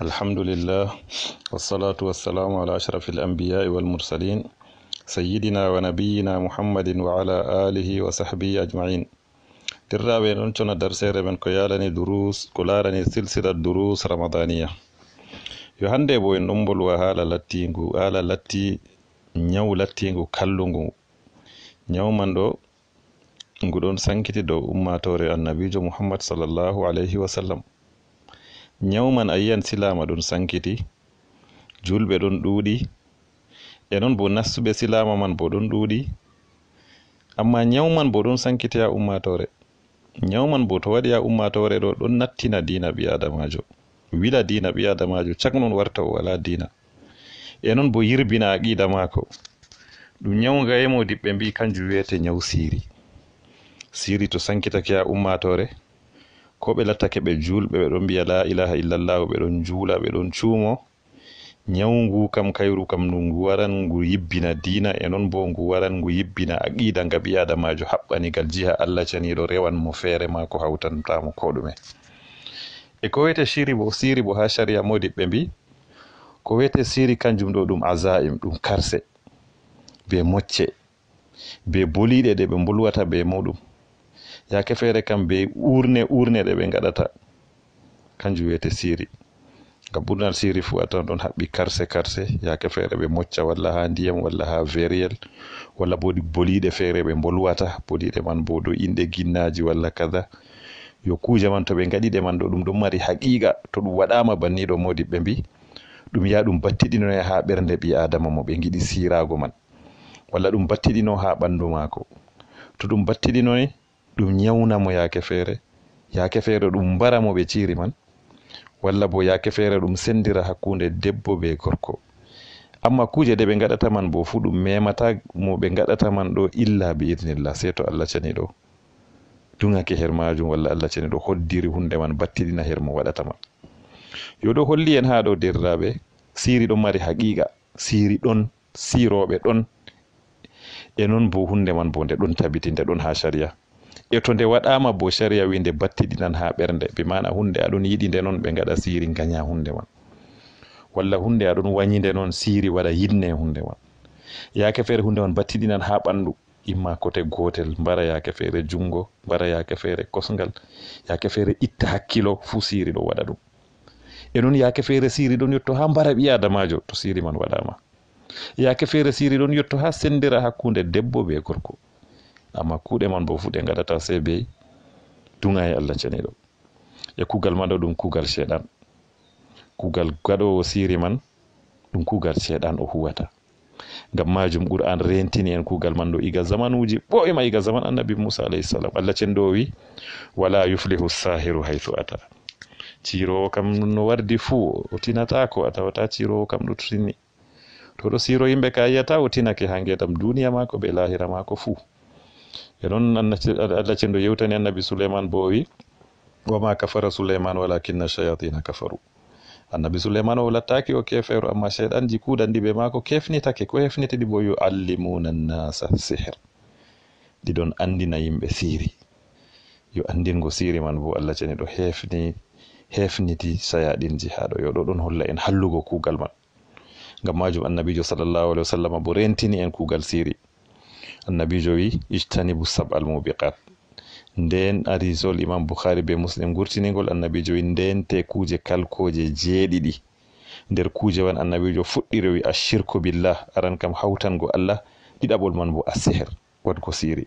الحمد لله والصلاة والسلام على أشرف الأنبياء والمرسلين سيدنا ونبينا محمد وعلى آله وصحبه أجمعين ترى بين درسير من كيالني دروس كلارني سلسلة دروس رمضانية yohande bo en ɗon bolwa haala lattingu haala latti nyawu lattingu kallungu nyawu ɗo ngu ɗon sankiti dow ummatore annabijo muhammad sallllahu alayhi wa sallam man a yi'an silama ɗon sankiti julɓe ɗon ɗuuɗi e non bo nastuɓe silama man bo ɗon ɗuuɗi amma nyawman bo ɗon sankiti ha ummatore nyawman bo to waɗi ha ummatore ɗo ɗon nattina dina ɓi adamajo wila dina ɓi adamajo cak non warta o wala dina e non bo yirbina aqida maako ɗum nyawga e mbi kanjum wiyete nyau siri siri to sankitake ha ummatore ko ɓe lattake ɓe julɓe ɓe ɗon mbiya la ilaha illallahu ɓe ɗon juula ɓe ɗon cuumo nyawngu kam kayru kam ndu ngu waran ngu yibbina diina e non bo ngu waran ngu yibbina aqida nga ɓi adamajo haɓɓanigal jiha allah caniɗo rewan mo feere ma ko hawtantamo ko ɗume e ko wiyete siri bo siri bo ha sharia modiɓɓe mbi ko wiyete siri kanjum ɗo ɗum azaim ɗum karse be mocce be boliɗe ɗe ɓe bolwata be muɗum yake feere kam be urne urne ɗe ɓe gaɗata kanjum wiyete siri ngam ɓurnal siri fu atan ɗon haɓɓi karse karse yake feere ɓe mocca walla ha ndiyam walla ha veriel walla boɗi boliɗe feere ɓe bolwata boliɗe man bo ɗo inɗe ginnaji walla kada yo kuje man to ɓe gaɗiɗe man ɗo ɗum ɗon mari haqiqa to ɗum waɗama banniɗo modi ɓe mbi ɗum ya ɗum battiɗino e ha ɓernde ɓi adama mo ɓe giɗi sirago man walla ɗum battiɗino ha ɓandu mako to ɗum battiɗinoni ɗum nyawna mo yaake feere yaake feere ɗum mbara mo ɓe ciiri man walla bo yaake feere ɗum sendira hakkunde debbo be gorko amma kuje de ɓe ngaɗata man bo fuu ɗum memata mo ɓe ngaɗata man ɗo illa biirnillah sey to allah caniɗo dugake her majum walla allah caniɗo hoddiri hunde man battiɗina her mo waɗata ma yo ɗo holli en ha ɗo derraɓe siri ɗon mari haqiqa siri ɗon siroɓe ɗon e non bo hunde man bo nde ɗon tabiti nde ɗon ha sharia e to nde waɗama bo sharia wi nde battiɗinan ha ɓernde bi mana hunde aɗon yiɗi nde noon ɓe gaɗa siri gaña hunde man walla hunde aɗon wañi nde noon siri waɗa yinne hunde man yaake feere hunde man battiɗinan ha ɓandu imma kote gotel mbara yaake feere jungo mbara yaake feere kosgal yaake feere itta hakkilo fuu siri ɗo waɗa ɗum e noon yaake feere siri ɗon yetto ha mbara ɓi adamajo to siri man waɗama yaake feere siri ɗon yetto ha sendira hakkunde debbo be gorko amma kuɗe man bo fuu ɗe gaɗata se be duga e allah ceniɗo e kugal maɗo ɗum kugal ceeɗan kugal gaɗowo siri man ɗum kugal ceeɗan o huwata ngam majum qur'an rentini en kuugal man ɗo iga zamanuji ɓo'ima iga zaman annabi moussa alayhi salam allah cenɗo o wi wala yuflihu sahiru haythu ata cirowo kam no wardi fuu o tinatako a tawata cirowo kam ɗo tini to ɗo siro yimɓe ka yiyata o tinake ha ngedam duniya mako ɓe lahira mako fuu e noon allah cenɗo yewtani annabi souleyman bo wi wi wama kafara souleyman walakinna shayatina kafaru annabi souleyman o lattaki o keferu amma cheyɗanji kuuɗanɗi ɓe maako kefnitake ko hefnitiɗi bo yu allimuna nnasa sihir ɗiɗon andina yimɓe siri yo andingo siri man bo allah ceni ɗo hefni hefniti sayaɗinji ha ɗo yo ɗo ɗon holla en hallugo kuugal man ngam majum annabijo sallallahu alih wasallam bo rentini en kuugal siri annabijo wi ijtanibu sab al mubiqat nden arisol imam boukhari be muslim gurtinigol annabijo wi ndente kuje kalkoje jeeɗiɗi nder kuje wan annabijo fuɗɗiri wi ashirku billah aran kam hawtango allah ɗiɗaɓol man bo a seher wadgo siiri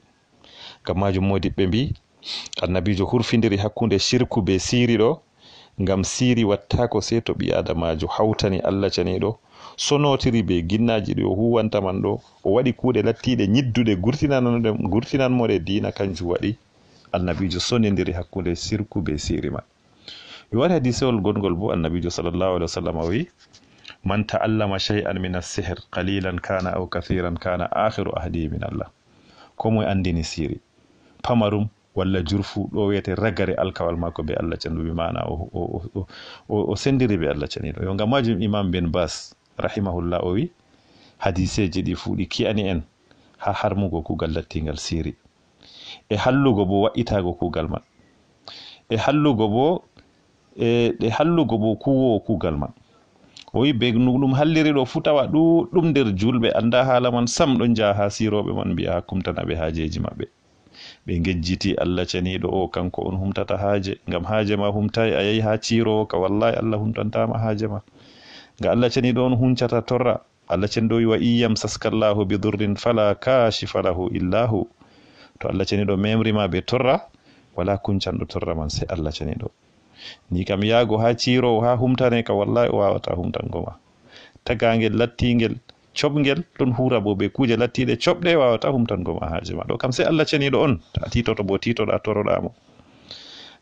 ngam majum modi ɓe mbi annabijo hurfidiri hakkunde shirku be siri ɗo ngam siri wattako se to ɓi adamajo hawtani allah caniɗo sonotiri ɓe ginnaji ɗi o huwanta man ɗo o waɗi kuuɗe lattiɗe ñiddude gurtinanoɗe gurtinanmoɗe diina kanjum waɗi annabijo sonidiri hakkunde sirku be sirima mi wari hadisewol gongol bo annabijo salllahu alih wa sallam o wi man taallama shay'an min assehir qalilan kana au kathiran kana akhiru ahadihi min allah komoe andini siri pamarum walla jurfu ɗo wiyete ragare alkawal maako be allah canduɓi mana o sendiri be allah canino yo ngam majum imam ben bas rahimahullah o wi hadiseji ɗi fuu ɗi kiyani en ha harmugo kuugal lattingal siri e hallugo bo wa'itago kuugal man e hallugo bo ɗe e hallugo bo kuwowo kuugal man o wi be nu ɗum halliriɗo fu tawa ɗuɗɗum nder julɓe annda hala man sam ɗon jaha ha siroɓe man mbiya ha kumtanaɓe hajeji maɓɓe ɓe gejjiti allah caniɗo o kanko on humtata haaje ngam haaje ma humtayi a yehi ha ciirowo ka wallahi allah humtantama haaje ma ga allah ceniɗo on huncata torra allah cenɗowi wa iyam saskallahu bi durrin fala kashifa lahu illa to allah ceniɗo memrima be torra wala kuncanɗo torra man se allah ceniɗo ni kam yaago ha ciirowo ha humtane ka wallahi o wawata humtango ma tagangel lattingel coɓgel ɗon hura bo be kuuje lattiɗe coɓɗe wawata humtango ma haaje ma ɗo kam se allah ceniɗo on ta titoto bo titoɗa toroɗamo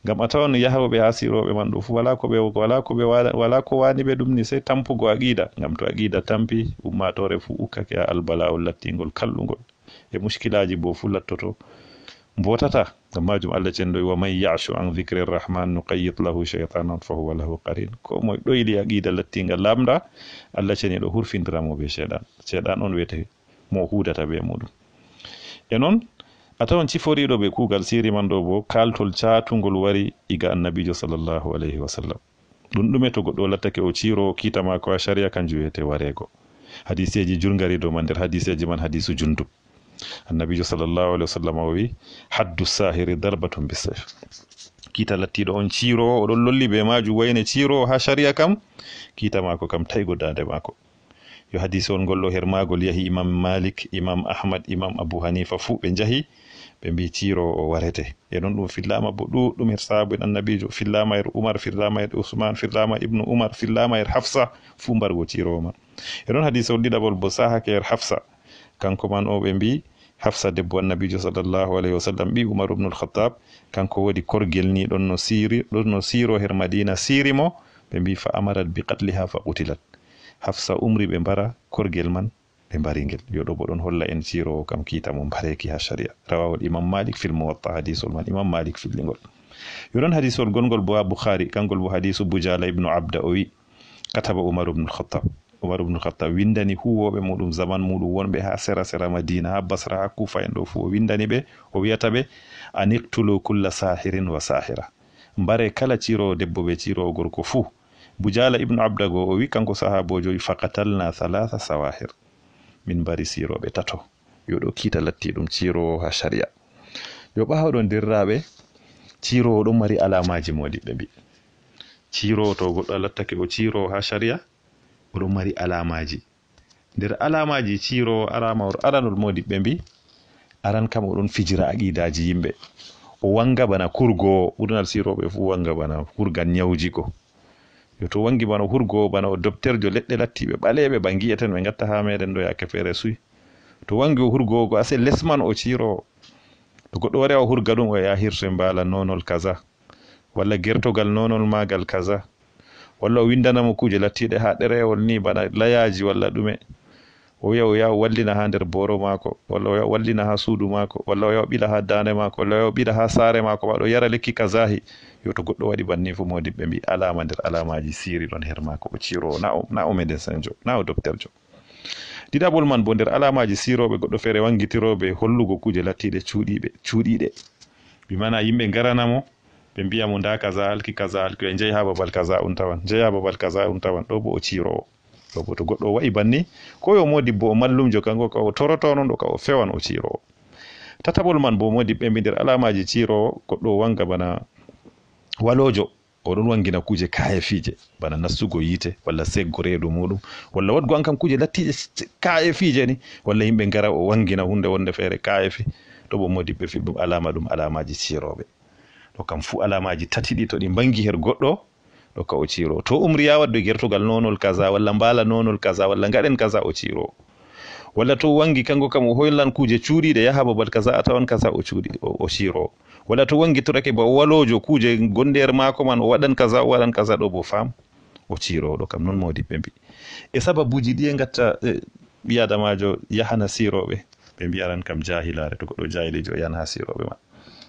ngam a tawan yahoɓe ha siroɓe man ɗo fu wala ko ɓe wala ko ɓe wala ko wani ɓe ɗum ni sai tampugo aqida ngam to aqida tampi ummatore fu ukkake ha ol lattingol kallugol e muskilaji bo fu lattoto mbotata ngam majum allah cendoy wa man yachu an dicre rrahman nuqayyit lahu cheytanan fa huwa lahu qarin ko moe ɗoyli aqida lattinga lamda allah ceni ɗo hurfindiramo be ceɗan on wiyete mo hudata be muɗum e noon a tawan ciforiɗo ɓe kuugal siri man ɗo bo kaltol catugol wari iga annabijo sallllahu alayhi wasallam sallam ɗum ɗume to goɗɗo lattake o ciro kita mako ha sharia kanjum wiyete warego hadiseji jurgari dow man nder hadiseji man hadisu jundu annabijo sallllahu alih wa sallam o wi haddu sahiri darbatum bisayf kita lattiɗo on cirowo oɗon lolli be majum wayne cirowo ha sharia kam kiita mako kam taigo dande mako yo hadise on ngolɗo hermagol yahi imam malik imam ahmad imam abou hanifa fu ɓe njahi ɓe mbi tiro o warete e non ɗum fillama bo ɗuɗɗum her sahabu en annabijo fillama er oumar fillama her ousmane fillama ibnu oumar fillama er hafsa fu mbargo tirowo man e ɗon hadise on ɗiɗaɓol bo sahake her hafsa kanko man o ɓe mbi hafsa debbo annabijo sallllahu alayhi wa sallam ɓi oumar ubnu kanko wodi korgel ni ɗon no siri ɗon no siro her madina sirimo ɓe mbi fa amarat bi katliha fa qutilat hafsa umri ɓe mbara korgel man ɓe mbarigel yoɗo bo ɗon holla en sirowo kam kiita mo mbareki ha sharia rawawol imam malik fil muwatta hadisol man imam malik fillingol yoɗon hadisol gonngol bo ha bouhari kangol bo hadisu boujala ibnu abda o wi kataba umaru bnu lkhatab umaru bnu lkhatab windani huwoɓe muɗum zaman muɗum wonɓe ha sera sera madina ha basra ha kufa en ɗo fuu o windani ɓe o wiyata ɓe aniktulu kulla sahirin wa sahira mbare kala cirowo debbo ɓe cirowo gorko fuu bujala ibnu abdago o wi kanko joyi faqatalna thalatha sawahir min mbari siroɓe tato yoɗo kita latti ɗum cirowo ha sharia yo ɓawɗon dirraɓe cirowo ɗon mari alamaji modi ɓe mbi cirowo to goɗɗo lattake o cirowo ha sharia oɗon mari alamaji nder alamaji cirowo aramawr aranol modiɓɓe mbi aran kam oɗon fijira aqidaji yimɓe o wanga bana kurgowo ɓurnal siroɓe fu wanga bana kurgal nyawjigo yo to wangi bana hurgo bana o jo leɗɗe lattiɓe ɓaleɓe bangiya tan ɓe gatta ha meɗen ɗo yake feere suy to wangi o hurgo go ase lesman o ciiro to goɗɗo wari o hurga ɗum o ya hirso e mbala nonol kaza walla gertogal nonol magal kaza walla o windanamo kuje lattiɗe ha ɗerewol ni bana layaji walla ɗume o wiya o yaha wallina ha nder boro maako walla o yaha wallina ha suudu maako walla o yaha o ɓila ha dande maako walla o yaha o ɓila ha saare maako waɗo yara lekki kazahi yo to goɗɗo waɗi banni fu ɓe mbi alama nder alamaji siri ɗon her maako o ciro na o na o médecin jo na o docteur jo ɗiɗaɓol man bo nder alamaji siroɓe goɗɗo feere wangitiroɓe hollugo kuje lattiɗe cuuɗiɓe cuuɗiɗe bimana yimɓe garanamo ɓe mbiya mo nda kaza alki kaza alki o e jeyi ha babal kaza un tawan jeyi ha babal kaza un tawan ɗo bo o cirowo ɗo to goɗɗo wa'i banni ko yo modibbo o mallumjo kanko ka o toroto non ɗo ka o fewan o ciirowo tatabol man bo modi mbi nder alamaji ciirowo goɗɗo wanga bana walojo oɗon wangina kuje kaya fije bana nastugo yiite walla seggo reedu muɗum walla wadgo an kam kuje lattiɗe kaya fije ni walla yimɓe ngara o wangina hunde wonde feere kaya fi to bo modibɓe fi ɗum alama ɗum alamaji siroɓe to kam fu alamaji tatiɗi to ɗi bangi her goɗɗo ɗo ka o ciro to umri ya waddu gertugal nonol kaza walla mbala nonol kaza walla gaɗen kaza o ciro walla to wangi kanko kam o hoyllan kuje cuuɗiɗe yaha babal kaza a tawan kaza o cuuɗi o ciro walla to wangi torake ba walojo kuje gonder maako man o waɗan kaza o waɗan kaza ɗo bo fam o ciroɗo kam noon mawdi ɓe mbi e sababuji ɗi e gatta ɓi e, adamajo yahana siroɓe ɓe mbiyaran kam jahilare to goɗɗo jahilijo o yahan ha siroɓe ma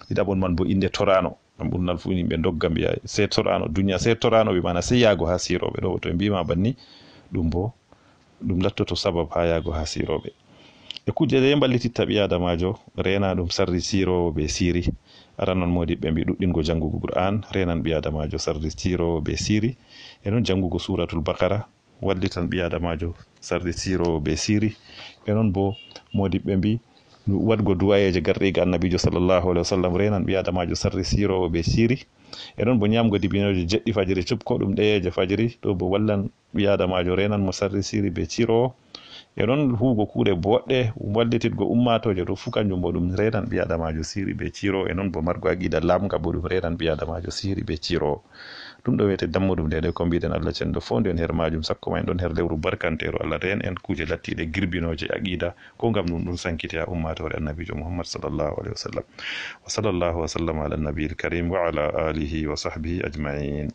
ɗiɗabon man bo inde torano ngam ɗum nan fuu yimɓe dogga mbiya settorano duniat settoranoɓe mana sey yaago ha siroɓe ɗo to ɓe mbima banni ɗum bo ɗum lattoto sabab ha yaago ha siroɓe e kuje ɗe ballititta ɓi adamajo rena ɗum sarri sirowo be siri aran noon modi ɓe mbi ɗuɗɗingo jangugo qur'an renan ɓi adamajo sarri sirowo be siri e noon jangugo suratul bakara wallitan ɓi adamajo sarri sirowo be siri e noon bo modi ɓe mbi waɗgo duwayeje garɗiga annabijo sallllahu alih wa sallam renan ɓi adamajo sarri sirowo ɓe siri e ɗon bo ñamgo dibinoje jeɗɗi fajiri cupko ɗum ɗeyeje fajiri ɗo bo wallan ɓi adamajo renan mo sarri siri ɓe sirowo e ɗon hugo kuuɗe boɗɗe wallititgo ummatoje ɗo fu kanjum bo ɗum renan ɓi adamajo siri ɓe cirowo e noon bo margo aqida lamga bo ɗum renan ɓi adamajo siri ɓe cirowo ɗum ɗo wiyete dammuɗum nde nde ko mbiɗen allah cenɗo fof nden her majum sakko ma en ɗon her lewru barkantero allah reen en kuuje lattiɗe girbinoje aqida ko gam ɗum ɗum sankiti ha ummatore annabijo mouhammad sallllahu alahi wa sallam wa sallllahu wa sallam ala annabil karim wa ala alihi wa sahbihi ajmain